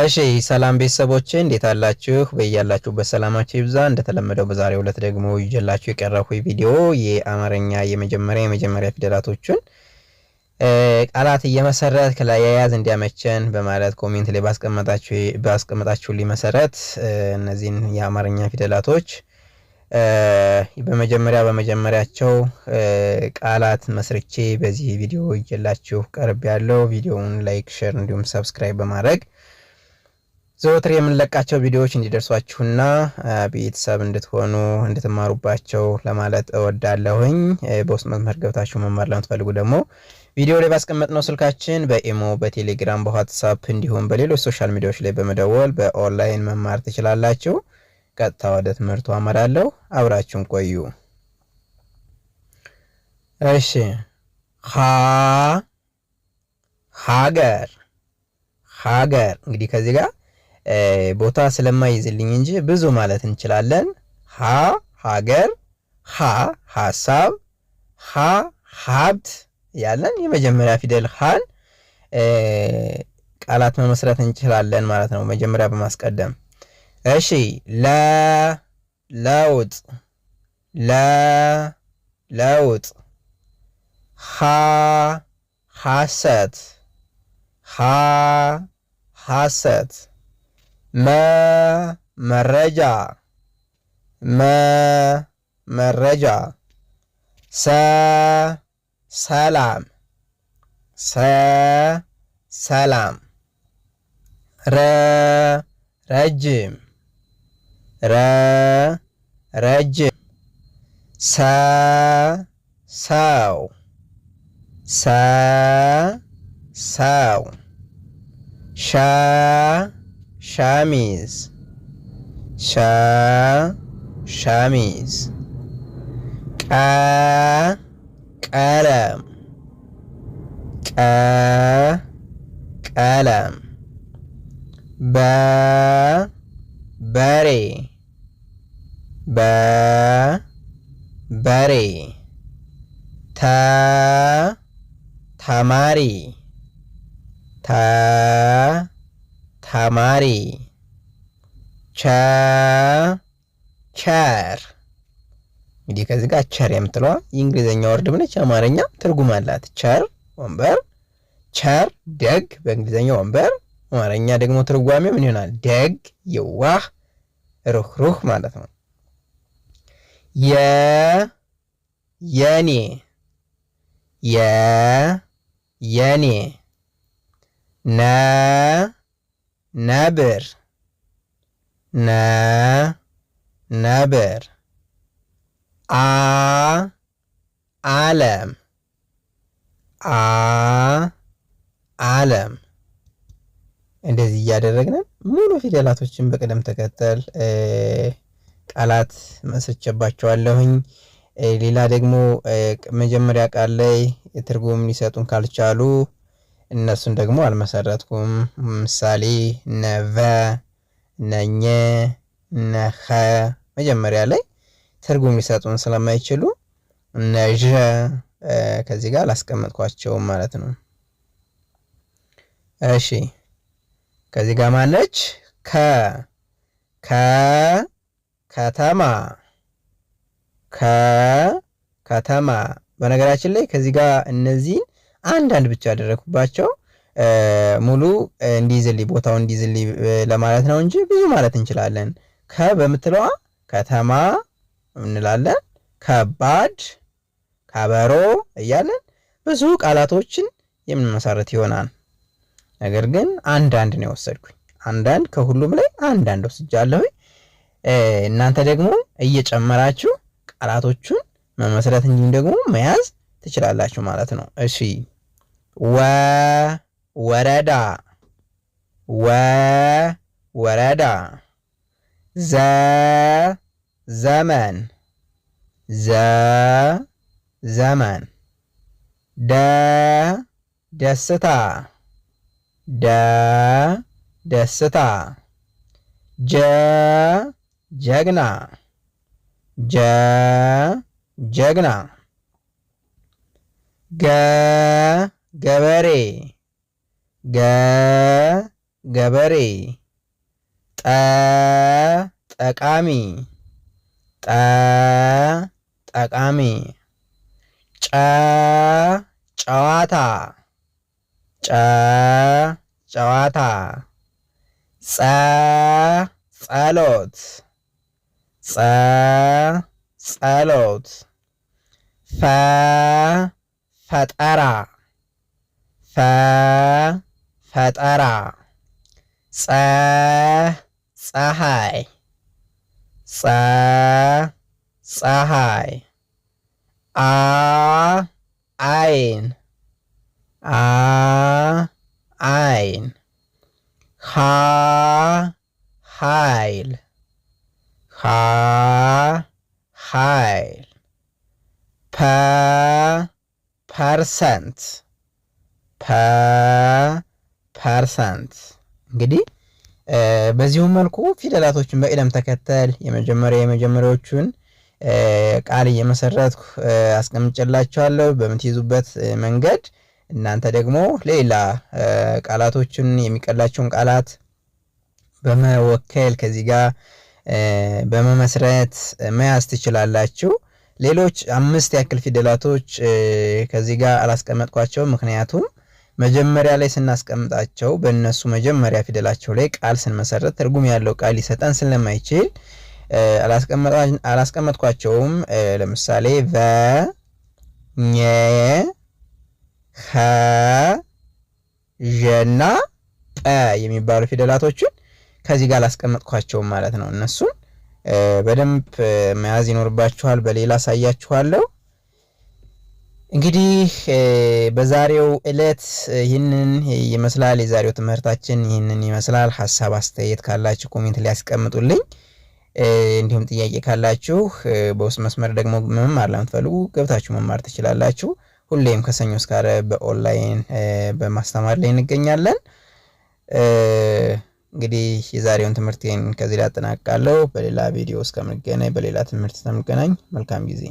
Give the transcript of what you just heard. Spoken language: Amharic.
እሺ ሰላም ቤተሰቦቼ እንዴት አላችሁ? በያላችሁበት ሰላማችሁ ይብዛ። እንደተለመደው በዛሬው ዕለት ደግሞ ይዤላችሁ የቀረብኩ ቪዲዮ የአማርኛ የመጀመሪያ የመጀመሪያ ፊደላቶችን ቃላት እየመሰረት ለአያያዝ እንዲያመቸን በማለት ኮሜንት ላይ ባስቀመጣችሁልኝ መሰረት እነዚህን የአማርኛ ፊደላቶች በመጀመሪያ በመጀመሪያቸው ቃላት መስርቼ በዚህ ቪዲዮ ይዤላችሁ ቀርብ ያለው ቪዲዮውን ላይክ፣ ሼር እንዲሁም ሰብስክራይብ በማድረግ ዘወትር የምንለቃቸው ቪዲዮዎች እንዲደርሷችሁና ቤተሰብ እንድትሆኑ እንድትማሩባቸው ለማለት እወዳለሁኝ። በውስጥ መስመር ገብታችሁ መማር ለምትፈልጉ ደግሞ ቪዲዮ ላይ ባስቀመጥነው ስልካችን በኢሞ በቴሌግራም በዋትሳፕ እንዲሁም በሌሎች ሶሻል ሚዲያዎች ላይ በመደወል በኦንላይን መማር ትችላላችሁ። ቀጥታ ወደ ትምህርቱ አመራለሁ። አብራችሁን ቆዩ። እሺ ሀገር ሀገር እንግዲህ ከዚህ ጋር ቦታ ስለማይዝልኝ እንጂ ብዙ ማለት እንችላለን። ሀ ሀገር፣ ሀ ሀሳብ፣ ሀ ሀብት ያለን የመጀመሪያ ፊደል ሀን ቃላት መመስረት እንችላለን ማለት ነው፣ መጀመሪያ በማስቀደም። እሺ ለ ለውጥ፣ ለ ለውጥ፣ ሀ ሀሰት፣ ሀ ሀሰት መ መረጃ መ መረጃ ሰ ሰላም ሰ ሰላም ረ ረጅም ረ ረጅም ሰ ሰው ሰ ሰው ሸ ሻሚዝ ሻ ሻሚዝ ቀ ቀለም ቀ ቀለም በ በሬ በ በሬ ተ ተማሪ ተ ተማሪ ቸ ቸር እንግዲህ ከዚህ ጋር ቸር የምትለዋ የእንግሊዝኛ ወርድ ምነች አማርኛ ትርጉም አላት። ቸር ወንበር፣ ቸር ደግ በእንግሊዝኛ ወንበር፣ አማርኛ ደግሞ ትርጓሜ ምን ይሆናል? ደግ፣ የዋህ፣ ሩህሩህ ማለት ነው። የ የኔ የ የኔ ነ ነብር ነ ነብር አ ዓለም አ ዓለም እንደዚህ እያደረግን ሙሉ ፊደላቶችን በቅደም ተከተል ቃላት መስርቼባቸዋለሁኝ። ሌላ ደግሞ መጀመሪያ ቃል ላይ ትርጉም ሊሰጡን ካልቻሉ እነሱን ደግሞ አልመሰረትኩም። ምሳሌ ነቨ ነኘ ነኸ መጀመሪያ ላይ ትርጉም ሊሰጡን ስለማይችሉ ነዥ ከዚህ ጋር አላስቀመጥኳቸውም ማለት ነው። እሺ ከዚህ ጋር ማነች? ከ ከ ከተማ ከ ከተማ። በነገራችን ላይ ከዚህ ጋር እነዚህን አንዳንድ ብቻ ያደረግኩባቸው ሙሉ እንዲይዝልኝ ቦታው እንዲይዝልኝ ለማለት ነው እንጂ ብዙ ማለት እንችላለን። ከ በምትለዋ ከተማ እንላለን። ከባድ፣ ከበሮ እያለን ብዙ ቃላቶችን የምንመሰረት ይሆናል። ነገር ግን አንዳንድ ነው የወሰድኩኝ። አንዳንድ ከሁሉም ላይ አንዳንድ ወስጃለሁ። እናንተ ደግሞ እየጨመራችሁ ቃላቶቹን መመስረት እንዲሁም ደግሞ መያዝ ትችላላችሁ ማለት ነው። እሺ ወ ወረዳ ወ ወረዳ ዘ ዘመን ዘ ዘመን ደ ደስታ ደ ደስታ ጀ ጀግና ጀ ጀግና ገ ገበሬ ገ ገበሬ ጠ ጠቃሚ ጠ ጠቃሚ ጨ ጨዋታ ጨ ጨዋታ ጸ ጸሎት ጸ ጸሎት ፈ ፈጠራ ፈ ፈጠራ ፀ ፀሐይ ፀ ፀሐይ አ አይን አ አይን ሀ ኃይል ሀ ኃይል ፐ ፐርሰንት ፐርሰንት። እንግዲህ በዚሁ መልኩ ፊደላቶችን በቅደም ተከተል የመጀመሪያ የመጀመሪያዎቹን ቃል እየመሰረትኩ አስቀምጬላችኋለሁ በምትይዙበት መንገድ። እናንተ ደግሞ ሌላ ቃላቶችን የሚቀላቸውን ቃላት በመወከል ከዚህ ጋር በመመስረት መያዝ ትችላላችሁ። ሌሎች አምስት ያክል ፊደላቶች ከዚህ ጋር አላስቀመጥኳቸው ምክንያቱም መጀመሪያ ላይ ስናስቀምጣቸው በእነሱ መጀመሪያ ፊደላቸው ላይ ቃል ስንመሰረት ትርጉም ያለው ቃል ሊሰጠን ስለማይችል አላስቀመጥኳቸውም። ለምሳሌ ቨ፣ ኘ፣ ኸ፣ ዠና ጠ የሚባሉ ፊደላቶችን ከዚህ ጋር አላስቀመጥኳቸውም ማለት ነው። እነሱን በደንብ መያዝ ይኖርባችኋል። በሌላ አሳያችኋለሁ። እንግዲህ በዛሬው ዕለት ይህንን ይመስላል የዛሬው ትምህርታችን ይህንን ይመስላል። ሀሳብ አስተያየት ካላችሁ ኮሜንት ሊያስቀምጡልኝ፣ እንዲሁም ጥያቄ ካላችሁ በውስጥ መስመር ደግሞ መማር ለምትፈልጉ ገብታችሁ መማር ትችላላችሁ። ሁሌም ከሰኞ እስከ ዓርብ በኦንላይን በማስተማር ላይ እንገኛለን። እንግዲህ የዛሬውን ትምህርቴን ከዚህ ላይ አጠናቅቃለሁ። በሌላ ቪዲዮ እስከምንገናኝ፣ በሌላ ትምህርት እስከምንገናኝ መልካም ጊዜ